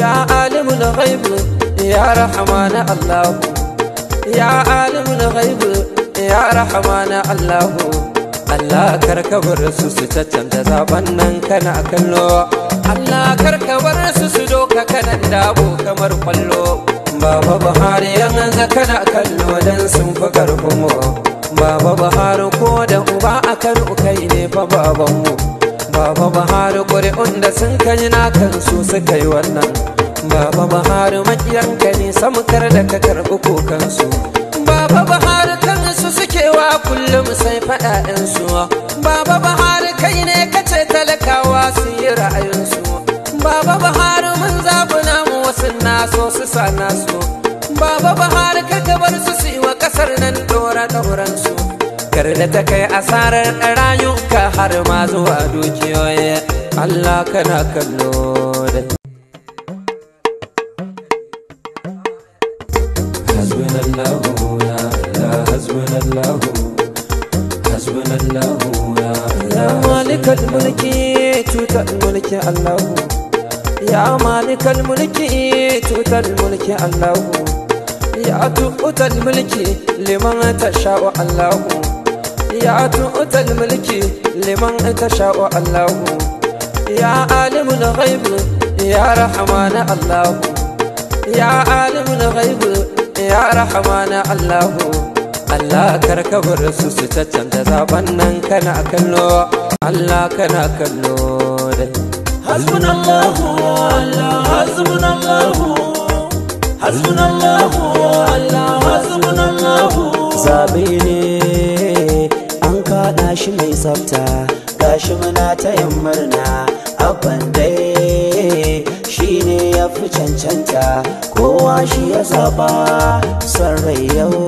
ya alimu na ghaibu ya rahama na allahu ya alimu na ghaibu ya rahama na allahu allah karkabar su su cancanta zaben nan kana kallo allah karkabar su su doka kanan dabo kamar kwallo baba buhari yan kana kallo dan sun fi karfin mu baba buhari ko da uba akan ukai ne fa babanmu baba baharu ƙuri'un da sun kai na kansu suka yi wannan baba bahari ka ne samkar da ka karɓi kokansu baba bahari kansu suke wa kullum sai faɗaɗinsu baba baharu kai ne kace talakawa su yi ra'ayinsu baba baharu mun zaɓi namu wasu naso su sa baba bahari ka bar su su yi wa ƙasar nan ɗora ɗauransu karda da ta kai asarar rayuka har ma zuwa dukiyoyi Allah kana kallo da ya Malikal mulki tutar mulki Allahu Ya malikal mulki mulki liman tasha'u Allahu ya otal mulki liman ta sha'o Allahu ya alimul ghaib ya rahman Allahu ya alimul ghaib ya rahman Allahu Allah bar su su canza zaben nan kana kallo Allah kana kallo Allah hasbunallahu hasbunallahu Allah ne gashi mai tsafta gashi muna ta yin murna abban dai shi ne ya fi cancanta kowa shi ya zaba son rai yau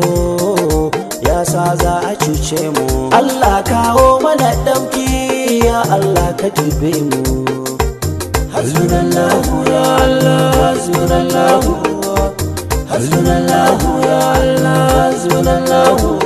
ya sa za a cuce mu Allah kawo mana ɗauki ya Allah ka dube mu Hasbunallahu ya Allah hasbunallahu hasbunallahu ya Allah lahu.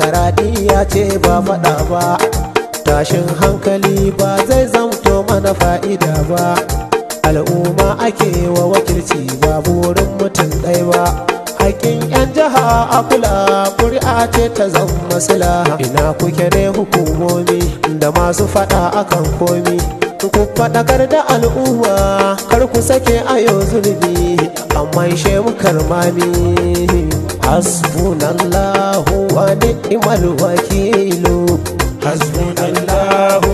ya ce ba faɗa ba tashin hankali ba zai zamto mana fa'ida ba al'umma ake wa wakilci ba burin mutum ɗai ba haƙƙin 'yan jiha a kula ƙuri'a ce ta zama masala ina kuke ne hukumomi da masu faɗa akan komi ku faɗakar da al'umma kar ku sake ayo zulubi amma shemu karmami hasbunallahu wa ni'mal wakilu hasbunallahu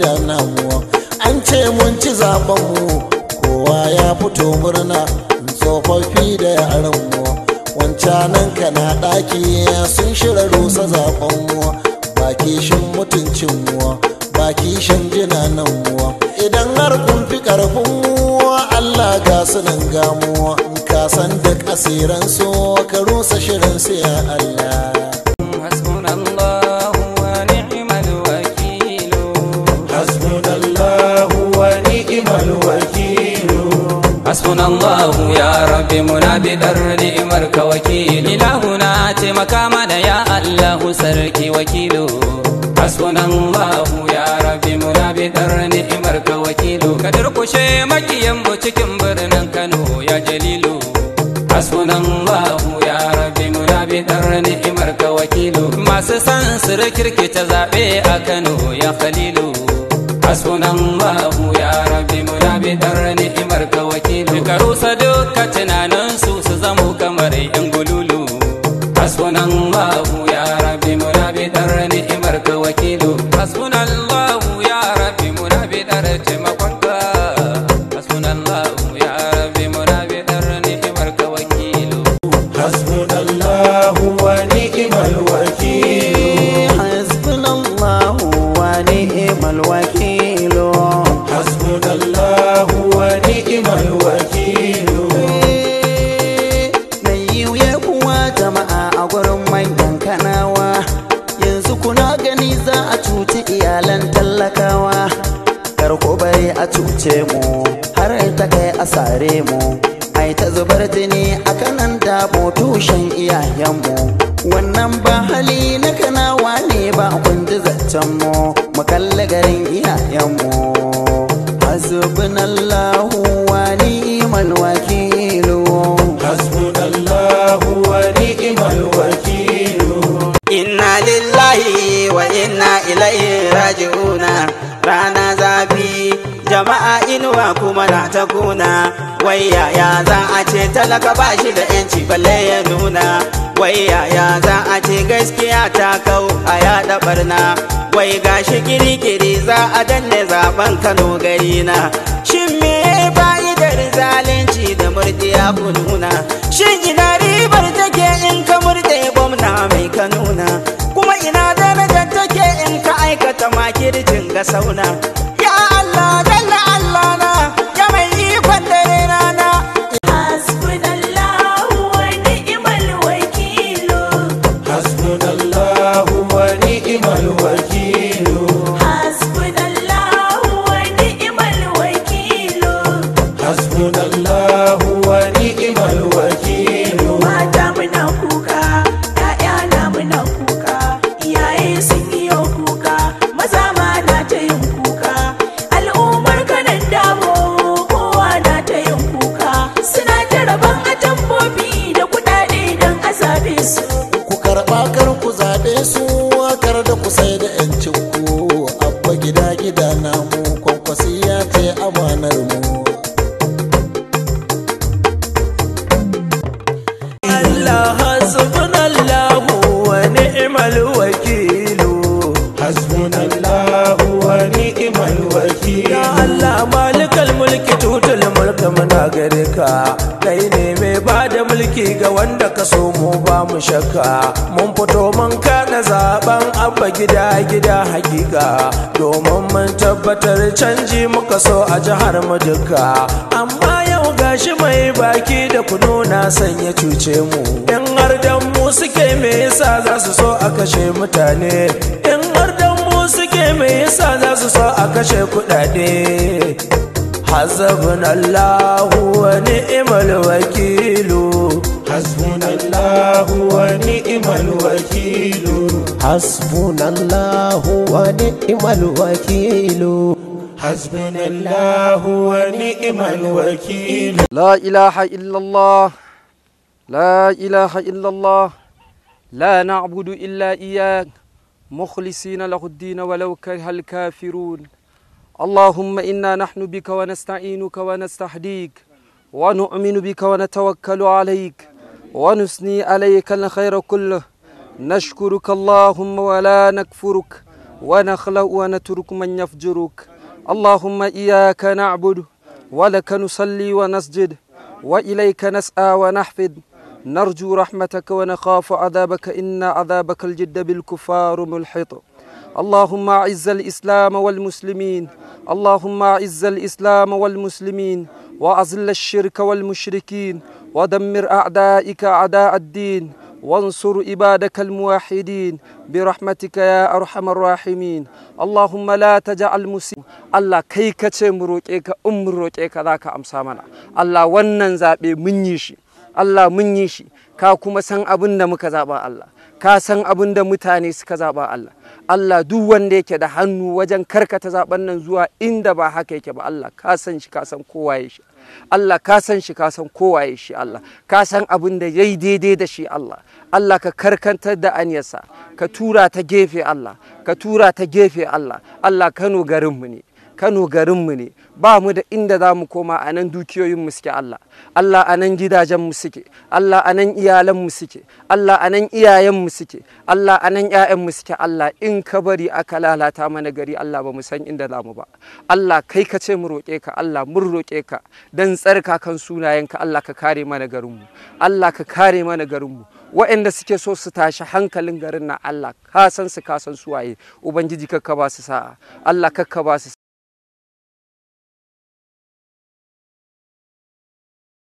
da namuwa an ce mun ci mu kowa ya fito murna tsofaffi da yaranmu wancanan ka na ɗaki sun shirya rusa zaɓenmu ba kishin mutuncinmu ba kishin jinananmu idan har kun fi ƙarfinmu Allah ga sunan gamuwa ka san da ƙasiransu ka rusa shirin ya Allah hasbunallahu ya rabbi muna bidar ni'imar ka wakilu ilahuna taimaka mana ya allahu sarki wakilu hasbunallahu ya rabbi muna bidar ni'imar ka wakilu ka durkushe makiyan mu cikin birnin kano ya jalilu hasbunallahu ya rabbi muna bidar ni'imar ka wakilu masu san sirkirki zaɓe a kano ya khalilu hasbunallahu ya rabbi muna bidar ni'imar ka wakilu lahi wakilu eh, mai yiwu ya kuwa jama'a a gurin manyan kanawa yanzu kuna gani za a cuci iyalan tallakawa karko bare a cuce mu har ta kai a sare mu ai ta zubar jini a kanan dabo tushen iyayenmu wannan ba hali na kanawa ne ba kun ji zancen mu mu kalli garin iyayenmu hasbunallahu wa ni'mal wakil hasbunallahu wa ni'mal wakil inna lillahi wa inna ilaihi raji'una rana zafi jama'a inuwa kuma na wai yaya za a ce talaka ba shi da yanci balle ya nuna wai yaya za a ce gaskiya ta kau a yada barna wai gashi kirikiri za a danne zaben kano gari na shin me fa'idar zalunci da murdiya ku nuna shin ina ribar take in ka murde gwamna mai ka nuna kuma ina da take in ka aikata makircin ga sauna Allah malikal mulki tutul mulka muna gare ka kai ne mai ba da mulki ga wanda ka so mu ba mu shakka mun fito mun kana zaben abba gida gida hakika domin mun tabbatar canji muka so a jihar mu duka amma yau gashi mai baki da kuno na sanya cuce mu yan har mu suke me yasa za su so a kashe mutane me yasa za su sa a kashe kudade hasbun allah wa ni'mal wakilu hasbun allah wa ni'mal wakilu hasbun allah wa ni'mal wakilu hasbun allah wa ni'mal wakilu la ilaha illallah la ilaha illallah la na'budu illa iyyak مخلصين له الدين ولو كره الكافرون اللهم إنا نحن بك ونستعينك ونستهديك ونؤمن بك ونتوكل عليك ونسني عليك الخير كله نشكرك اللهم ولا نكفرك ونخلع ونترك من يفجرك اللهم إياك نعبد ولك نصلي ونسجد وإليك نسأى ونحفد نرجو رحمتك ونخاف عذابك إن عذابك الجد بالكفار ملحط اللهم أعز الإسلام والمسلمين اللهم أعز الإسلام والمسلمين وأذل الشرك والمشركين ودمر أعدائك أعداء الدين وانصر عبادك الموحدين برحمتك يا أرحم الراحمين اللهم لا تجعل مسلم الله كيكة مروكيك أمروكيك ذاك أمسامنا الله وننزابي بمنيشي Allah mun yi shi ka kuma san abin da muka zaɓa Allah ka san abin da mutane suka zaɓa Allah Allah duk wanda yake da hannu wajen karkata zaɓen nan zuwa inda ba haka yake ba Allah ka san shi ka san kowa ya shi Allah ka san shi ka san kowa ya shi Allah ka san abin da yayi daidai da shi Allah Allah ka karkantar da aniyarsa ka tura ta gefe Allah ka tura ta gefe Allah Allah Kano garinmu ne Kano garinmu ne ba mu da inda za mu koma a nan mu suke Allah Allah a nan gidajenmu suke Allah a nan iyalanmu suke Allah a nan iyayenmu suke Allah a nan ‘ya'yanmu suke Allah in ka bari aka lalata mana gari Allah ba mu san inda za mu ba Allah kai ka ce mu roƙe ka Allah mun roƙe ka don tsarka kan sunayenka Allah ka kare mana garinmu Allah ka kare mana garinmu waɗanda suke so su tashi hankalin garin na Allah ka san su ka san su waye, ubangiji kakka ba su sa'a Allah kakka ba su